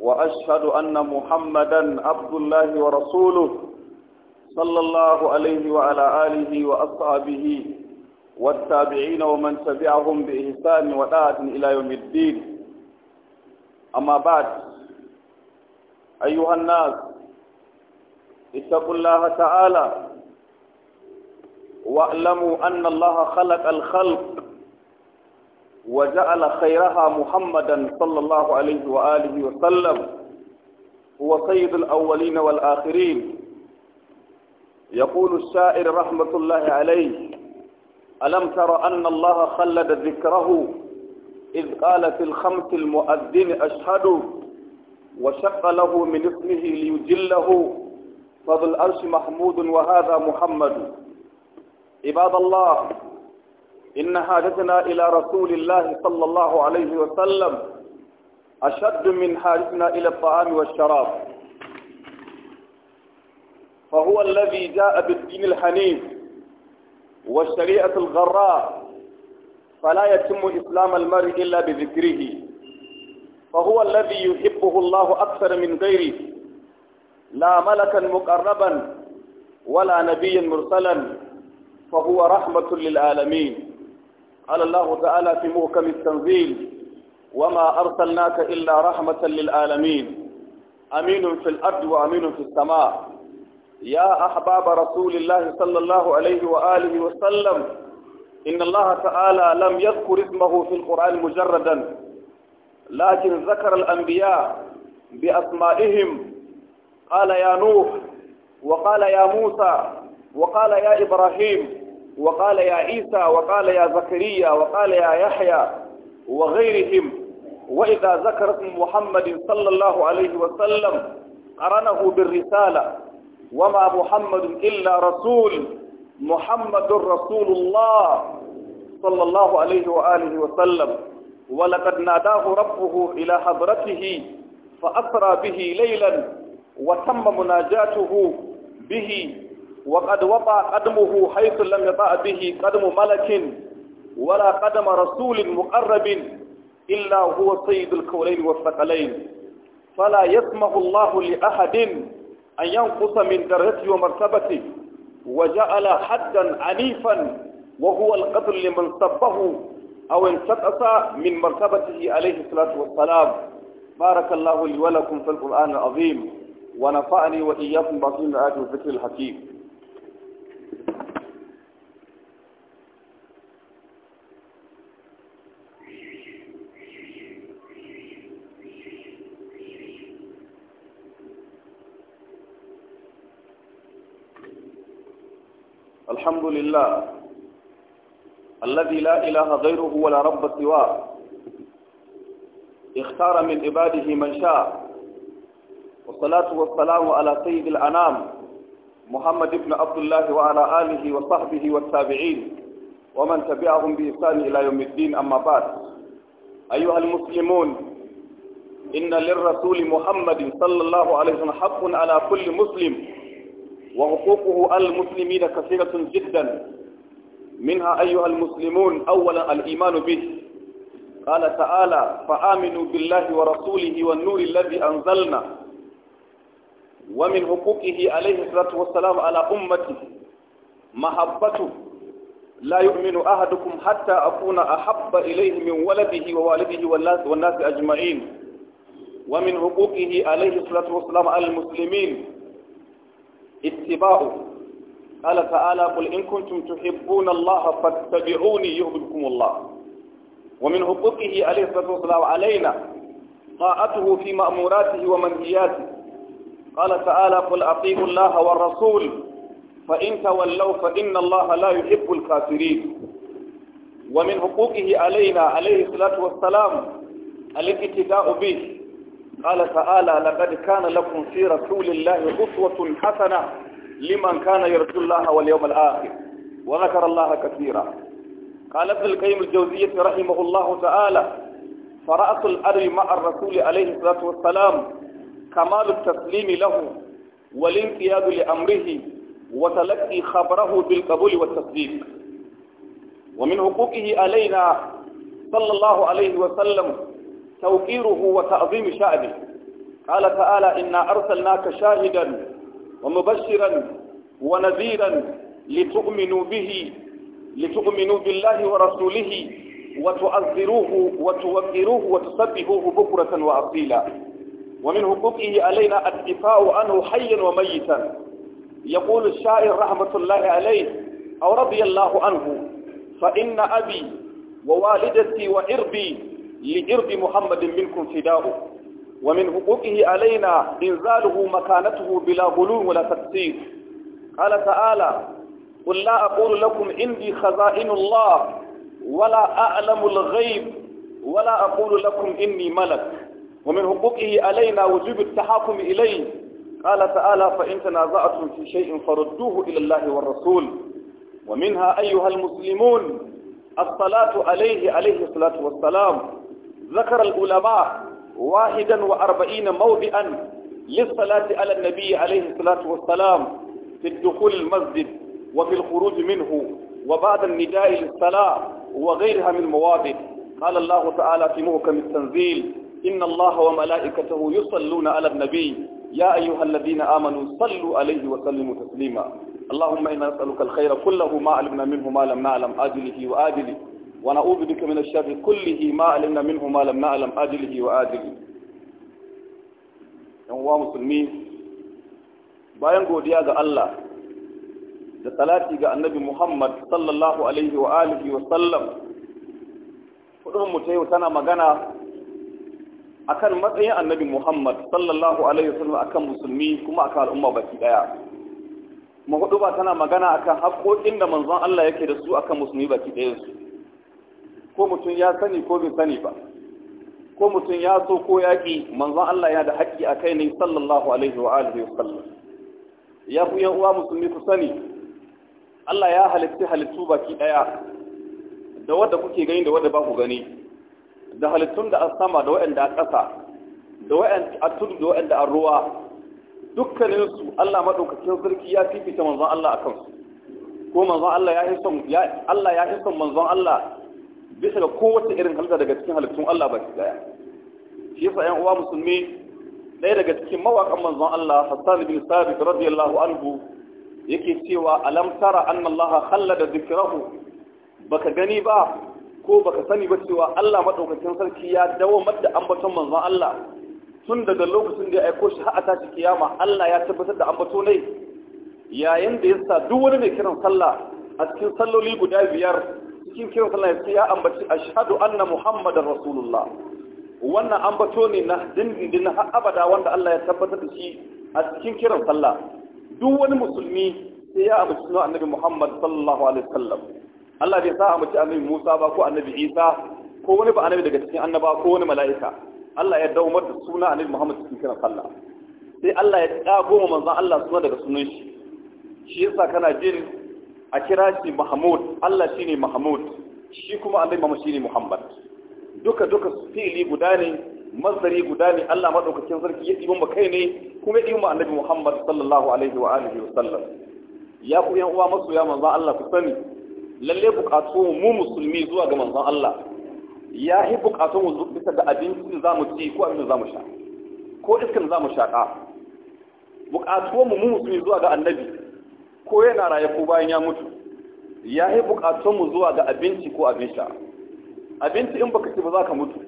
وأشهد أن محمدا عبد الله ورسوله صلى الله عليه وعلى آله وأصحابه والتابعين ومن تبعهم بإحسان وداعة إلى يوم الدين أما بعد أيها الناس اتقوا الله تعالى واعلموا أن الله خلق الخلق وجعل خيرها محمدا صلى الله عليه وآله وسلم هو سيد الأولين والآخرين يقول الشاعر رحمة الله عليه ألم تر أن الله خلد ذكره إذ قال في الخمس المؤذن أشهد وشق له من اسمه ليجله فذو الأرش محمود وهذا محمد عباد الله إن حاجتنا إلى رسول الله صلى الله عليه وسلم أشد من حاجتنا إلى الطعام والشراب فهو الذي جاء بالدين الحنيف والشريعة الغراء فلا يتم إسلام المرء إلا بذكره فهو الذي يحبه الله أكثر من غيره لا ملكا مقربا ولا نبيا مرسلا فهو رحمة للعالمين قال الله تعالى في محكم التنزيل وما أرسلناك إلا رحمة للعالمين أمين في الأرض وأمين في السماء يا أحباب رسول الله صلى الله عليه وآله وسلم إن الله تعالى لم يذكر اسمه في القرآن مجردا لكن ذكر الأنبياء بأسمائهم قال يا نوح وقال يا موسى وقال يا إبراهيم وقال يا عيسى وقال يا زكريا وقال يا يحيى وغيرهم وإذا ذكر اسم محمد صلى الله عليه وسلم قرنه بالرسالة وما محمد إلا رسول محمد رسول الله صلى الله عليه وآله وسلم ولقد ناداه ربه إلى حضرته فأسرى به ليلا وتم مناجاته به وقد وقع قدمه حيث لم يطع به قدم ملك ولا قدم رسول مقرب إلا هو سيد الكولين والثقلين فلا يسمح الله لأحد أن ينقص من درجته ومرتبته وجعل حدا عنيفا وهو القتل لمن سبه أو انتقص من مرتبته عليه الصلاة والسلام بارك الله لي ولكم في القرآن العظيم ونفعني وإياكم بصير الآيات والذكر الحكيم الحمد لله الذي لا إله غيره ولا رب سواه اختار من عباده من شاء والصلاة والسلام على سيد الأنام محمد بن عبد الله وعلى آله وصحبه والتابعين ومن تبعهم بإحسان إلى يوم الدين أما بعد أيها المسلمون إن للرسول محمد صلى الله عليه وسلم حق على كل مسلم وحقوقه المسلمين كثيرة جدا منها أيها المسلمون أولا الإيمان به قال تعالى فآمنوا بالله ورسوله والنور الذي أنزلنا ومن حقوقه عليه الصلاة والسلام على أمته محبته لا يؤمن أحدكم حتى أكون أحب إليه من ولده ووالده والناس, والناس أجمعين ومن حقوقه عليه الصلاة والسلام على المسلمين اتباعه قال تعالى قل إن كنتم تحبون الله فاتبعوني يهدكم الله ومن حقوقه عليه الصلاة والسلام علينا طاعته في مأموراته ومنهياته قال تعالى قل أطيعوا الله والرسول فإن تولوا فإن الله لا يحب الكافرين ومن حقوقه علينا عليه الصلاة والسلام الاقتداء به قال تعالى لقد كان لكم في رسول الله أسوة حسنة لمن كان يرجو الله واليوم الآخر وذكر الله كثيرا قال ابن القيم الجوزية رحمه الله تعالى فرأس الأرض مع الرسول عليه الصلاة والسلام كمال التسليم له والانقياد لأمره وتلقي خبره بالقبول والتصديق ومن حقوقه علينا صلى الله عليه وسلم توقيره وتعظيم شأنه قال تعالى إنا أرسلناك شاهدا ومبشرا ونذيرا لتؤمنوا به لتؤمنوا بالله ورسوله وتعذروه وتوقروه وتسبحوه بكرة وأصيلا ومن حقوقه علينا الدفاع عنه حيا وميتا يقول الشاعر رحمة الله عليه أو رضي الله عنه فإن أبي ووالدتي وإربي لإرب محمد منكم فداء ومن حقوقه علينا إنزاله مكانته بلا غلو ولا تكسير قال تعالى قل لا أقول لكم عندي خزائن الله ولا أعلم الغيب ولا أقول لكم إني ملك ومن حقوقه علينا وجوب التحاكم إليه قال تعالى فإن تنازعتم في شيء فردوه إلى الله والرسول ومنها أيها المسلمون الصلاة عليه عليه الصلاة والسلام ذكر العلماء واحدا وأربعين موضعا للصلاة على النبي عليه الصلاة والسلام في الدخول المسجد وفي الخروج منه وبعد النداء للصلاة وغيرها من مواضع قال الله تعالى في محكم التنزيل إن الله وملائكته يصلون على النبي يا أيها الذين آمنوا صلوا عليه وسلموا تسليما اللهم إنا نسألك الخير كله ما علمنا منه ما لم نعلم آجله وآجله ونعوذ بك من الشر كله ما علمنا منه ما لم نعلم آجله وآجله yanwa musulmi bayan godiya ga Allah da salati ga annabi Muhammad sallallahu alaihi wa alihi wa sallam kudin mu ta yau tana magana akan matsayin annabi Muhammad sallallahu alaihi wasallam akan musulmi kuma akan al'umma baki daya kuma hudu ba tana magana akan haƙoƙin da manzon Allah yake da su akan musulmi baki daya su ko mutum ya sani ko bai sani ba ko mutum ya so ko yaƙi manzon Allah ya da haƙƙi a kai ne sallallahu alaihi wa alihi wasallam ya ku yan uwa musulmi ku sani Allah ya halitta halittu baki daya da wanda kuke gani da wanda ba ku gani da halittun da a sama da waɗanda a ƙasa da waɗanda a ruwa dukkaninsu Allah maɗaukakin sarki ya fifita manzon Allah a kansu ko manzon Allah ya yi son Allah ya yi son manzon Allah bisa ga kowace irin halitta daga cikin halittun Allah baki daya shi yasa ƴan uwa musulmi ɗaya daga cikin mawaƙan manzon Allah Hassan bin Sabit radiyallahu anhu yake cewa alam tara anna Allah khallada dhikrahu baka gani ba ko baka sani ba cewa Allah madaukakin sarki ya dawamar da ambaton manzon Allah tun daga lokacin da ya aiko shi har a tashi kiyama Allah ya tabbatar da ambato ne yayin da ya sa duk wani mai kiran sallah a cikin salloli guda biyar cikin kiran sallah ya ya ambaci ashhadu anna muhammadar rasulullah wannan ambato ne na dindindin har abada wanda Allah ya tabbatar da shi a cikin kiran sallah duk wani musulmi sai ya ambaci annabi muhammad sallallahu alaihi wasallam Allah bai sa a mace annabi Musa ba ko annabi Isa ko wani ba annabi daga cikin annaba ko wani mala'ika Allah ya daumar da suna annabi Muhammad cikin kiran sallah sai Allah ya tsago ma manzon Allah suna daga sunan shi shi yasa kana jin a kira shi Mahmud Allah shine Mahmud shi kuma annabi Muhammad shine Muhammad duka duka fili guda ne mazari guda ne Allah madaukakin sarki ya ɗiban ba kai ne kuma ya ɗiban ba annabi Muhammad sallallahu alaihi wa alihi wa sallam ya ku yan uwa masoya manzon Allah ku sani lalle bukatu mu musulmi zuwa ga manzon Allah ya yi bukatun mu bisa da abinci da zamu ci ko abin da zamu sha ko iskan da zamu shaka bukatu mu mu musulmi zuwa ga annabi ko yana raye ko bayan ya mutu ya yi bukatun mu zuwa ga abinci ko abin sha abinci in baka ci ba za ka mutu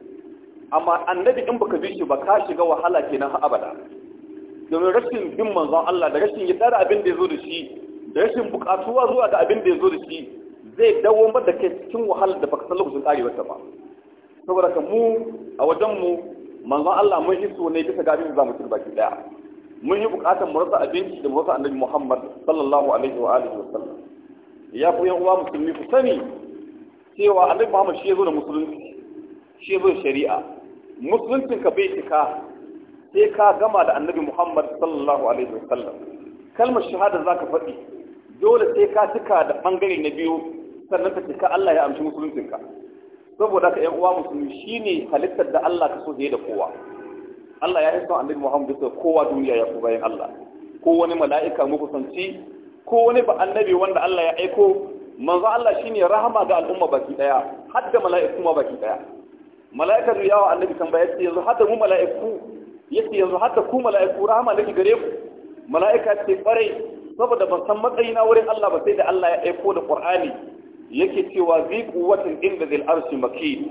amma annabi in baka bi shi ba ka shiga wahala kenan har abada domin rashin bin manzon Allah da rashin yadda da abin da ya zo da shi da rashin bukatuwa zuwa ga abin da ya zo da shi zai dawo da kai cikin wahalar da baka san lokacin karewar ta ba saboda ka mu a wajen mu manzon Allah mun yi ne bisa ga abin da zamu ci baki daya mun yi bukatar mu rasa abinci da mu rasa annabi Muhammad sallallahu alaihi wa alihi wasallam ya ku yan uwa musulmi ku sani cewa annabi Muhammad shi ya zo da musulunci shi ya zo shari'a musuluncin ka bai cika sai ka gama da annabi Muhammad sallallahu alaihi wasallam kalmar shahada zaka faɗi dole sai ka cika da bangare na biyu sannan ka cika Allah ya amshi musuluncinka saboda ka ƴan uwa musulmi shine halittar da Allah ka so da kowa Allah ya hisa annabi Muhammad sai kowa duniya ya ku bayan Allah ko wani mala'ika muku kusanci, ko wani ba annabi wanda Allah ya aiko manzo Allah shine rahama ga al'umma baki daya hadda mala'iku ma baki daya mala'ikar yawa annabi tambaya ce yanzu hadda mu mala'iku yace yanzu hadda ku mala'iku rahama nake gare ku mala'ika ce kwarai saboda ban san matsayina wurin Allah ba sai da Allah ya aiko da Qur'ani yake cewa zai kuwatin inda zai arshi maki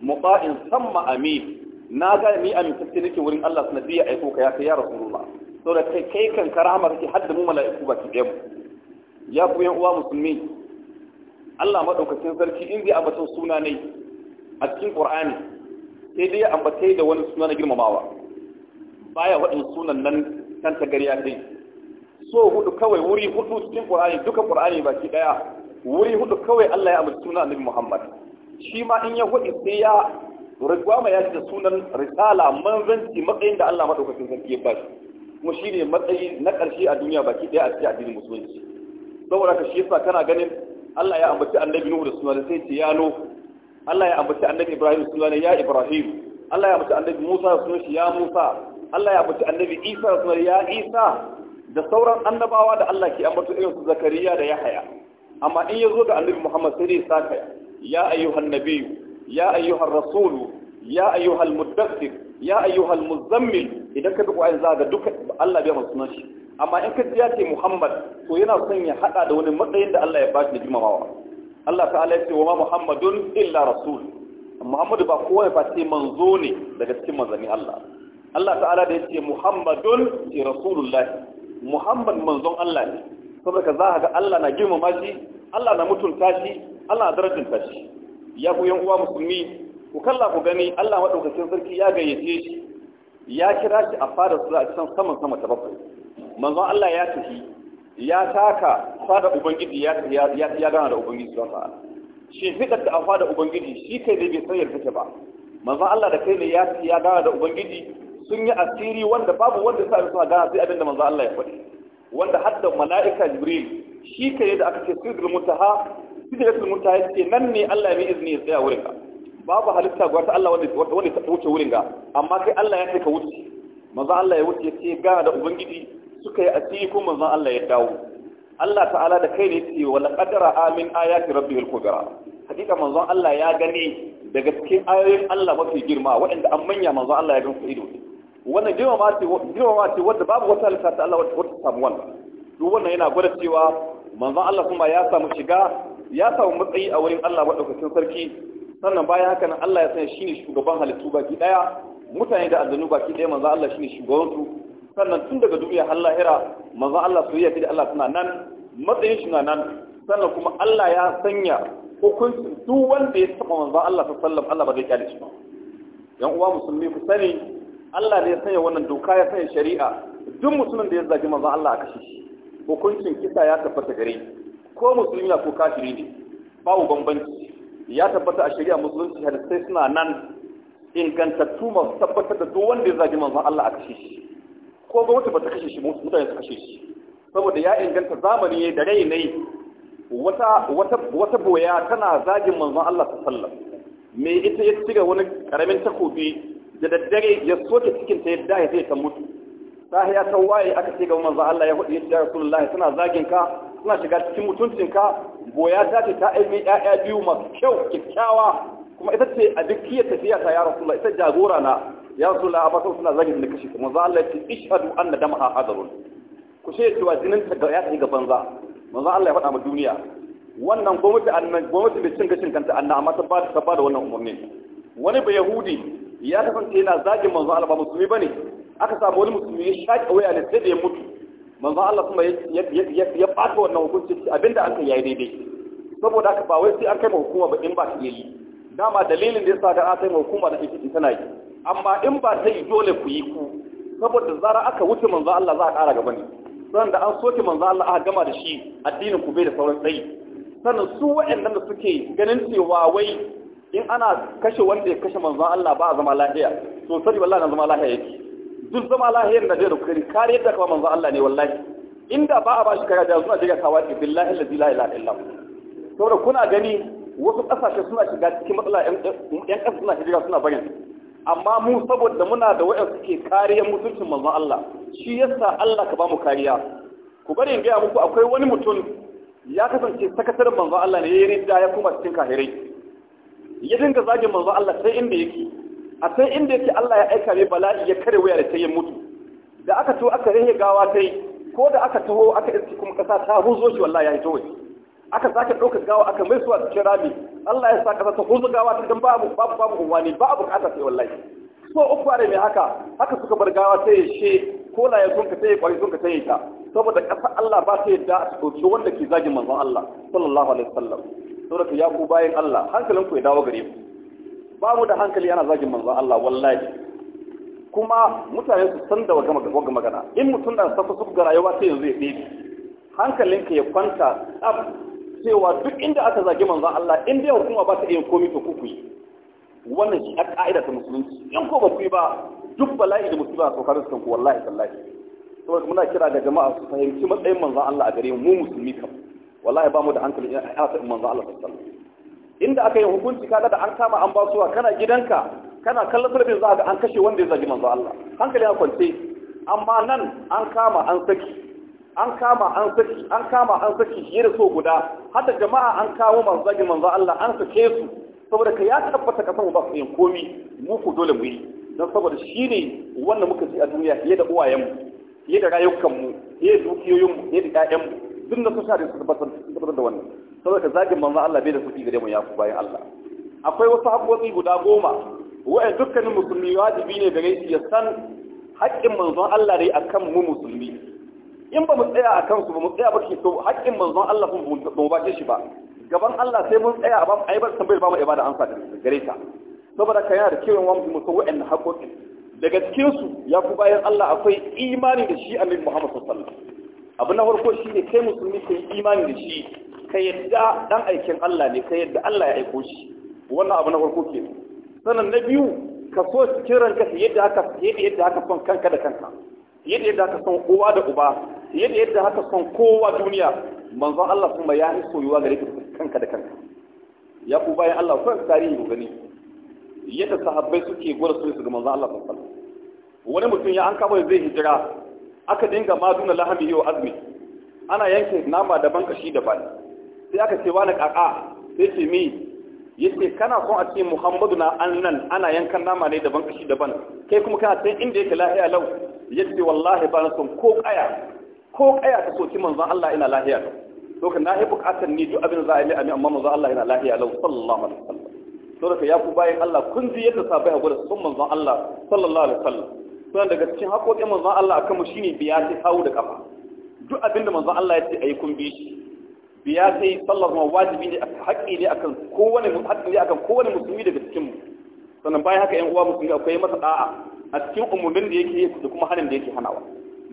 muqa'in samma amin na ga ni amin sai nake wurin Allah biya aiko ka ya kai ya rasulullah da kai kai kan karama kake hadda mu mala'iku baki ɗaya ya ku yan uwa musulmi Allah maɗaukakin sarki in zai ambata suna ne a cikin ƙur'ani. sai dai ya ambata da wani suna na girmamawa baya waɗin sunan nan kan ta ya dai so hudu kawai wuri hudu cikin ƙur'ani duka Qur'ani baki ɗaya wuri hudu kawai Allah ya amince sunan annabi Muhammad shi ma in ya hudu sai ya ragwama ya da sunan risala manzanci matsayin da Allah madaukakin sarki ya bashi kuma shi ne matsayi na ƙarshe a duniya baki ɗaya a cikin addinin musulunci saboda ka shi yasa kana ganin Allah ya ambaci annabi Nuhu da sunan sai ce ya Nuhu Allah ya ambaci annabi Ibrahim da sunan ya Ibrahim Allah ya ambaci annabi Musa da sunan ya Musa Allah ya ambaci annabi Isa da sunan ya Isa da sauran annabawa da Allah ke ambato irin su Zakariya da Yahaya amma in ya zo ga annabi muhammad sai dai saka ya ayyuhan nabiyyu ya ayyuhan rasulu ya ayyuhal muddassir ya ayyuhal muzammil idan ka bi qur'ani za ga duka Allah bai masu sunan amma in ka ya ce muhammad to yana son ya hada da wani matsayin da Allah ya ba shi da jimamawa Allah ta'ala ya ce wa ma muhammadun illa rasul muhammadu ba kowa ya ce manzo ne daga cikin manzanni Allah Allah ta'ala da ya ce muhammadun ce rasulullah muhammad manzon Allah ne saboda za ka ga Allah na girmama shi Allah na mutunta shi Allah na darajinta shi ya ku yan uwa musulmi ku kalla ku gani Allah madaukakin sarki ya gayyace shi ya kira shi a fadar su a cikin saman sama ta bakwai manzo Allah ya tafi ya taka fada ubangiji ya ya ya gana da ubangiji subhanahu ta'ala shi fitar da a da ubangiji shi kai ne bai san yarda take ba manzo Allah da kai ne ya ya gana da ubangiji sun yi asiri wanda babu wanda sa su gana sai abinda manzo Allah ya faɗi wanda hadda mala'ika jibril shi ka yi da aka ce sidratul muntaha sidratul muntaha ce nan ne Allah ya mai izini ya tsaya wurin ka babu halitta gwata Allah wanda wanda ta wuce wurin ga amma kai Allah ya kai ka wuce manzo Allah ya wuce ce ga da ubangiji suka yi asiri kuma manzo Allah ya dawo Allah ta'ala da kai ne ce wala qadara amin ayati rabbihil kubra hakika manzo Allah ya gani daga cikin ayoyin Allah mafi girma waɗanda an manya manzo Allah ya gan su ido wannan girma ma ce girma ma ce wanda babu wata halitta ta Allah wata samu wannan duk wannan yana gwada cewa manzon Allah kuma ya samu shiga ya samu matsayi a wurin Allah madaukakin sarki sannan bayan haka nan Allah ya sanya ne shugaban halittu baki ɗaya, mutane da aljanu baki daya manzon Allah shi ne su sannan tun daga duniya har lahira manzon Allah soyayya da Allah suna nan matsayin shi na nan sannan kuma Allah ya sanya hukuncin duk wanda ya taba manzon Allah sallallahu alaihi Allah ba zai kyale shi ba yan uwa musulmi ku sani Allah ne ya sanya wannan doka ya sanya shari'a duk mutumin da ya zagi manzan Allah a kashe shi hukuncin kisa ya tabbata gare ko musulmi na ko kafiri ne babu bambanci ya tabbata a shari'a musulunci sai suna nan ingantattu masu tabbatar da duk wanda ya zagi manzon Allah a kashe shi ko gwamnati ba a kashe shi mutane su kashe shi saboda ya inganta zamani da rai ne wata wata wata boya tana zagin manzon Allah ta sallam me ita ya cire wani karamin takobi da daddare ya soke cikin ta yadda ya ta mutu sahiya ta waye aka ce ga manzo Allah ya hudu ya Rasulullahi suna zagin ka suna shiga cikin mutuncinka boya ta ce ta aimi ƴaƴa biyu masu kyau kyakkyawa kuma ita ce a duk kiyar tafiya ta ya Rasulullahi ita jagora na ya Rasulullahi abakan suna zagin da kashi manzo Allah ya ce ishhadu anna damaha hadarun ku ce cewa jinin ta ga ya tafi ga banza manzo Allah ya faɗa ma duniya wannan gwamnati annan gwamnati bai cin gashin kanta annan amma ta ba ta ba da wannan umarni wani ba yahudi ya kasance yana zagin manzo Allah ba musulmi bane aka samu wani mutum ya shaƙi waya ne sai da ya mutu manzo Allah kuma ya fata wannan hukunci abinda aka yi daidai saboda aka ba wai sai an kai ma hukuma ba in ba ta yi dama dalilin da yasa ga aka yi ma hukuma da ita tana yi amma in ba ta yi dole ku yi ku saboda zara aka wuce manzo Allah za a ƙara gaba ne sannan da an soke manzo Allah aka gama da shi addinin ku bai da sauran tsayi sannan su waɗannan da suke ganin cewa wai in ana kashe wanda ya kashe manzo Allah ba a zama lahiya to sai wallahi na zama lahiya yake duk zama lahiyar da da kare kare yadda kawai manzo Allah ne wallahi inda ba a ba shi kare suna zuwa daga kawaki billahi la ilaha illa saboda kuna gani wasu kasashe suna shiga cikin matsala yan kasa suna shiga suna barin amma mu saboda muna da wayan suke kariyar mutuncin manzo Allah shi yasa Allah ka ba mu kariya ku bari in gaya muku akwai wani mutum ya kasance sakataren manzo Allah ne ya yi ya kuma cikin kahirai ya dinga zagin manzo Allah sai inda yake a sai inda yake Allah ya aika mai bala'i ya kare wayar ta ya mutu da aka to aka rehe gawa ta ko da aka taho aka iske kuma kasa ta huzo shi wallahi ya yi aka sake ɗaukar gawa aka mai suwa cikin rabi Allah ya sa kasa ta huzo gawa ta dan babu babu babu wani ba kasa bukata sai wallahi so uku mai haka haka suka bar gawa ta she ko la ya sunka ta yi kwari sunka ta yi ta saboda ƙasar Allah ba ta yadda a ɗauki wanda ke zagin manzon Allah sallallahu alaihi wasallam saboda ya ku bayan Allah hankalinku ya dawo gare ku ba mu da hankali ana zagin manzon Allah wallahi kuma mutane su san da waga magana in mutum da safa su ga rayuwa sai yanzu ya ɗebe hankalinka ya kwanta tsaf cewa duk inda aka zagi manzon Allah in dai hukuma ba ta iya komai to ku wannan shi a ka'ida ta musulunci in ko ba ku yi ba duk bala'i da musiba su kare su wallahi tallahi saboda muna kira ga jama'a su fahimci matsayin manzon Allah a gare mu mu musulmi kam wallahi ba mu da hankali ana ta manzon Allah sallallahu alaihi wasallam inda aka yi hukunci kaga da an kama an basuwa kana gidanka kana kallon talabijin za ga an kashe wanda ya zagi manzo Allah hankali ya kwance amma nan an kama an saki an kama an saki an kama an saki shi da so guda hada jama'a an kawo manzo zagi manzo Allah an sake su saboda ka ya tabbata ka san ba su yin komi mu ku dole mu yi don saboda shi ne wanda muka ji a duniya fiye da uwayenmu fiye da rayukanmu fiye da dukiyoyinmu fiye da ƴaƴanmu duk da su sha da su tabbatar da wannan saboda zagin manzon Allah bai da kuɗi gare mu ya ku bayan Allah akwai wasu haƙoƙi guda goma wa'an dukkanin musulmi wajibi ne gare shi ya san haƙƙin manzon Allah dai akan mu musulmi in ba mu tsaya a kansu ba mu tsaya ba ke so haƙƙin manzon Allah kuma ba mu bace shi ba gaban Allah sai mun tsaya a ba mu aibar tambayar ba mu ibada amsa gare ta saboda kan yana da kewan wani mu san wa'annan haƙoƙin daga cikin su ya ku bayan Allah akwai imani da shi annabi Muhammad sallallahu alaihi wasallam abu na farko shine kai musulmi kai imani da shi ka yadda dan aikin Allah ne ka yadda Allah ya aiko shi wannan abu na farko ke sannan na biyu ka so cikin ranka yadda haka yadda yadda haka son kanka da kanka yadda yadda haka son uwa da uba yadda yadda haka son kowa duniya manzon Allah kuma ya yi soyuwa gare ka kanka da kanka ya ku bayan Allah ku tarihi ku gani yadda sahabbai suke gura su ga manzon Allah sallallahu alaihi wani mutum ya an kawo zai hijira aka dinga maduna lahami wa azumi ana yanke nama daban kashi daban sai aka ce wani kaka sai ce mi yace kana son a ce muhammadu na annan ana yankan nama ne daban kashi daban kai kuma kana san inda yake lahiya lau yace wallahi ba na son ko kaya ko kaya ta soki manzon Allah ina lahiya lau to na yi bukatar ni duk abin za a yi amma manzon Allah ina lahiya lau sallallahu alaihi wasallam to daga ya ku bayan Allah kun ji yadda sabai a gurin sun manzon Allah sallallahu alaihi wasallam sunan daga cikin haƙoƙin manzon Allah akan mu shine biya ta hawo da kafa duk abinda manzon Allah ya ce ayi kun bi shi biya sai sallar kuma wajibi ne haƙƙi ne akan kowane haƙƙi ne akan kowane musulmi daga cikinmu. sannan bayan haka ƴan uwa musulmi akwai masa da'a a cikin umumin da yake da kuma hanin da yake hanawa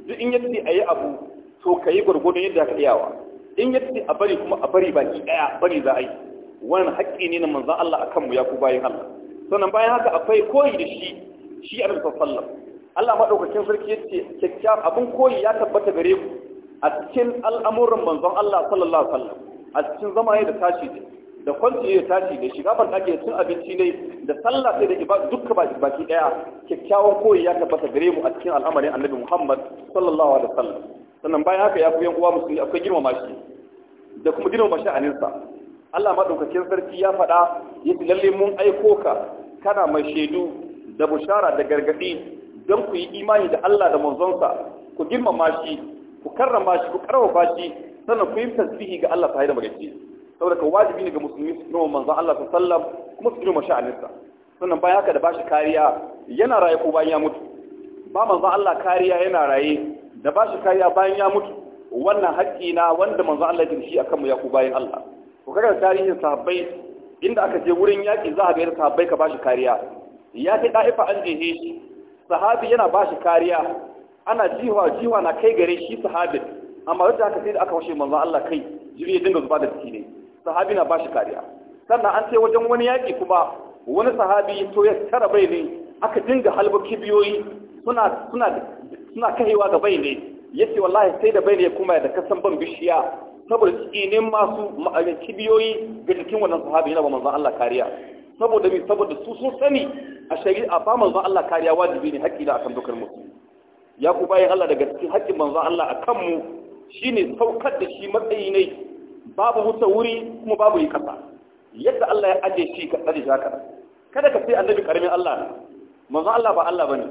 duk in a yi abu to ka yi gurgurdun yadda ka iyawa in yace a bari kuma a bari baki daya bari za a yi wannan haƙƙi ne na manzon Allah a kanmu ya ku bayan Allah sannan bayan haka akwai koyi da shi shi annabi sallallahu alaihi wasallam Allah madaukakin sarki yace kyakkyawan abun koyi ya tabbata gare ku a cikin al'amuran manzon Allah sallallahu alaihi a cikin zama da tashi ne da kwanci ya tashi ne shiga ban ake cin abinci ne da sallah sai da ibadu baki baki daya kyakkyawan koyi ya tabbata gare mu a cikin al'amarin annabi Muhammad sallallahu alaihi wasallam sannan bayan haka ya fi yan uwa musulmi akwai girmama shi da kuma girmama sha'aninsa Allah madaukakin sarki ya faɗa yace lalle mun aiko ka kana mai shaidu da bushara da gargadi don ku yi imani da Allah da manzonsa ku girmama shi ku karrama shi ku karawa bashi sannan ku yi tasbihi ga Allah tare da magaci saboda ka wajibi ne ga musulmi su nuna manzon Allah sallallahu alaihi wasallam kuma su nuna sha'aninsa sannan bayan haka da bashi kariya yana raye ko bayan ya mutu ba manzon Allah kariya yana raye da bashi kariya bayan ya mutu wannan haƙƙi na wanda manzon Allah ya shi akan mu ya ku bayan Allah ku kaga tarihin sahabbai inda aka je wurin yaƙi za a ga sahabbai ka bashi kariya ya kai da'ifa an jehe shi sahabi yana bashi kariya ana jiwa jiwa na kai gare shi sahabin amma duk da haka sai da aka washe manzo Allah kai jiri ya dinga zuba da jiki ne sahabi na bashi kariya sannan an ce wajen wani yaƙi kuma wani sahabi to ya tara bai ne aka dinga halba kibiyoyi suna suna suna kaiwa ga bai ne yace wallahi sai da bai ne kuma da kasan ban bishiya saboda tsinin masu eh, kibiyoyi ga jikin wannan sahabi yana ba manzo Allah kariya saboda mi saboda su sun sani a shari'a ba manzo Allah kariya wajibi ne haƙƙi da akan dukkan musulmi ya ku bayan Allah daga cikin haƙƙin manzo Allah a kanmu shine saukar da shi matsayi ne babu wuta wuri kuma babu yi kasa yadda Allah ya aje shi ka tsare haka kada ka sai annabi karamin Allah ne manzo Allah ba Allah bane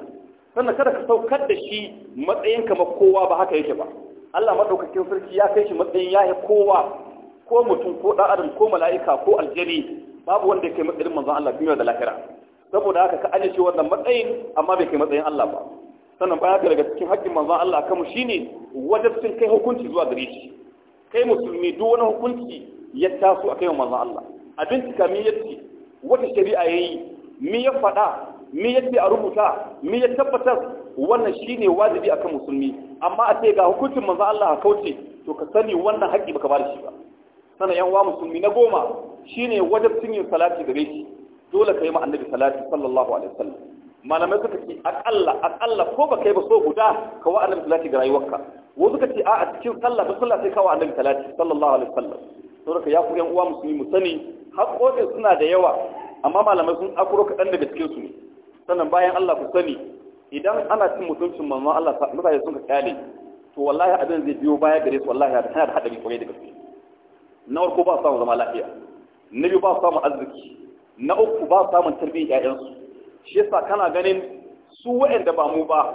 sannan kada ka saukar da shi matsayin kamar kowa ba haka yake ba Allah madaukakin sarki ya kai shi matsayin ya yi kowa ko mutum ko dan adam ko mala'ika ko aljani babu wanda yake matsayin manzo Allah duniya da lahira saboda haka ka aje shi wannan matsayin amma bai kai matsayin Allah ba sannan baya ka daga cikin haƙƙin manzon Allah kanmu shine wajibcin kai hukunci zuwa gare shi kai musulmi duk wani hukunci ya taso a kai manzon Allah A ka mi yace wata shari'a yayi mi ya faɗa mi yace a rubuta mi ya tabbatar wannan shine wajibi akan musulmi amma a ce ga hukuncin manzon Allah a kauce to ka sani wannan haƙƙi baka ba da shi ba Sannan yan wa musulmi na goma shine wajibcin yin salati gare shi dole ka yi ma annabi salati sallallahu alaihi wasallam malamai suka ce akalla akalla ko ba kai ba so guda ka wa annabi salati ga rayuwarka wasu suka ce a cikin sallah ta sallah sai ka wa annabi salati sallallahu alaihi wasallam to daga ya yan uwa musulmi mu sani haƙoƙin suna da yawa amma malamai sun akuro kaɗan daga cikin su sannan bayan Allah ku sani idan ana cin mutuncin manzon Allah mutane sun ka kyale to wallahi abin zai biyo baya gare su wallahi da tana da hadari kwarai da gaske na farko ba su samun zama lafiya na biyu ba su samun arziki na uku ba su samun tarbiyyar ƴaƴansu shi yasa kana ganin su waɗanda ba mu ba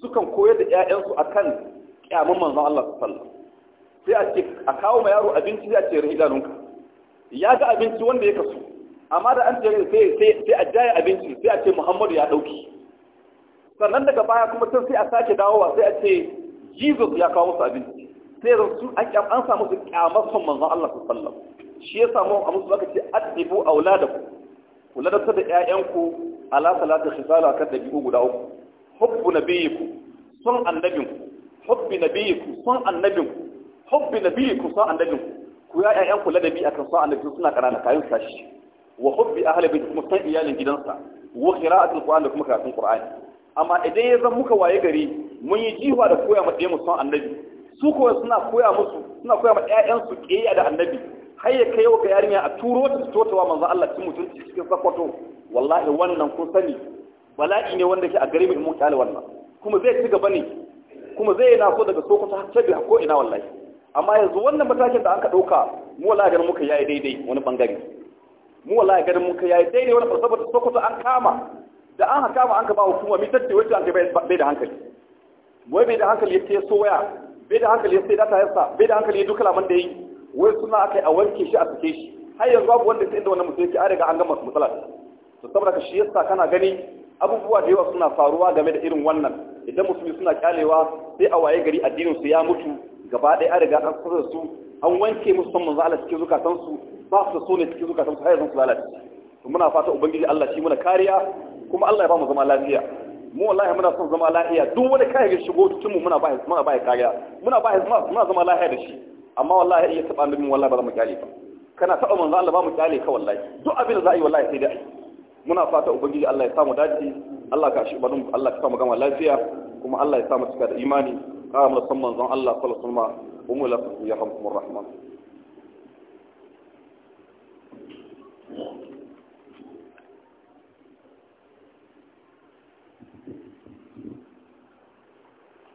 sukan koyar da ƴaƴansu akan kyamun manzon Allah sallallahu sai a ce a kawo ma yaro abinci sai a ce rahi idanunka ya ga abinci wanda ya kasu amma da an ce sai sai sai a jaya abinci sai a ce Muhammadu ya dauki sannan daga baya kuma tun sai a sake dawowa sai a ce Jesus ya kawo musu abinci sai su an samu su kyamar son manzon Allah sallallahu shi ya samu a musu aka ce adibu auladakum kula da ƴaƴanku ala salatu khisal akan dabi'u guda uku hubbu nabiyiku son annabinku hubbi nabiyiku son annabinku hubbi nabiyiku son annabinku ku ya ƴaƴan ku ladabi akan son annabin suna karanta kayan sashi wa hubbi ahli baiti kuma san iyalin gidansa wa qira'atul qur'an da kuma karatun qur'ani amma idan ya zan muka waye gari mun yi jiwa da koya mu mu son annabi su kuwa suna koya musu suna koya ma ƴaƴan su da annabi yarinya a turo ta fito ta wa manzo Allah cikin mutunci cikin sakwato wallahi wannan kun sani bala'i ne wanda ke a gare mu mun kyale wannan kuma zai ci gaba ne kuma zai na so daga sokoto har tabi ko ina wallahi amma yanzu wannan matakin da aka dauka mu wallahi garin muka yayi daidai wani bangare mu wallahi garin muka yayi daidai wani bangare saboda sokoto an kama da an haka kama an ka ba hukuma mi tace wacce an ga bai da hankali wai bai da hankali yace so waya bai da hankali yace data yasa bai da hankali duk lamun da yi wai suna aka yi a wanke shi a sake shi har yanzu abu wanda sai da wannan mutum yake an riga an gama su matsala to saboda ka shi yasa kana gani abubuwa da yawa suna faruwa game da irin wannan idan musulmi suna kyalewa sai a waye gari addinin su ya mutu gaba ɗaya an riga an kusa su an wanke musu son manzo Allah cikin zukatan su ba su so ne cikin zukatan su har yanzu su lalace to muna fata ubangiji Allah shi muna kariya kuma Allah ya ba mu zama lafiya mu wallahi muna son zama lafiya duk wani kayan shigo cikin mu muna ba muna ba kariya muna ba muna zama lafiya da shi amma wallahi ya taba min wallahi ba za mu kyale ba kana taba manzo Allah ba mu kyale ka wallahi duk abin da za a yi wallahi sai dai muna fata ubangiji Allah ya samu dace Allah ka shi ba barin Allah ka samu gama lafiya kuma Allah ya samu cika da imani kara mu san manzon Allah sallallahu alaihi wasallam umu la ya hamkumur rahman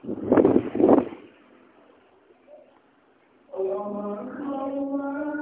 Thank you. وما خلقنا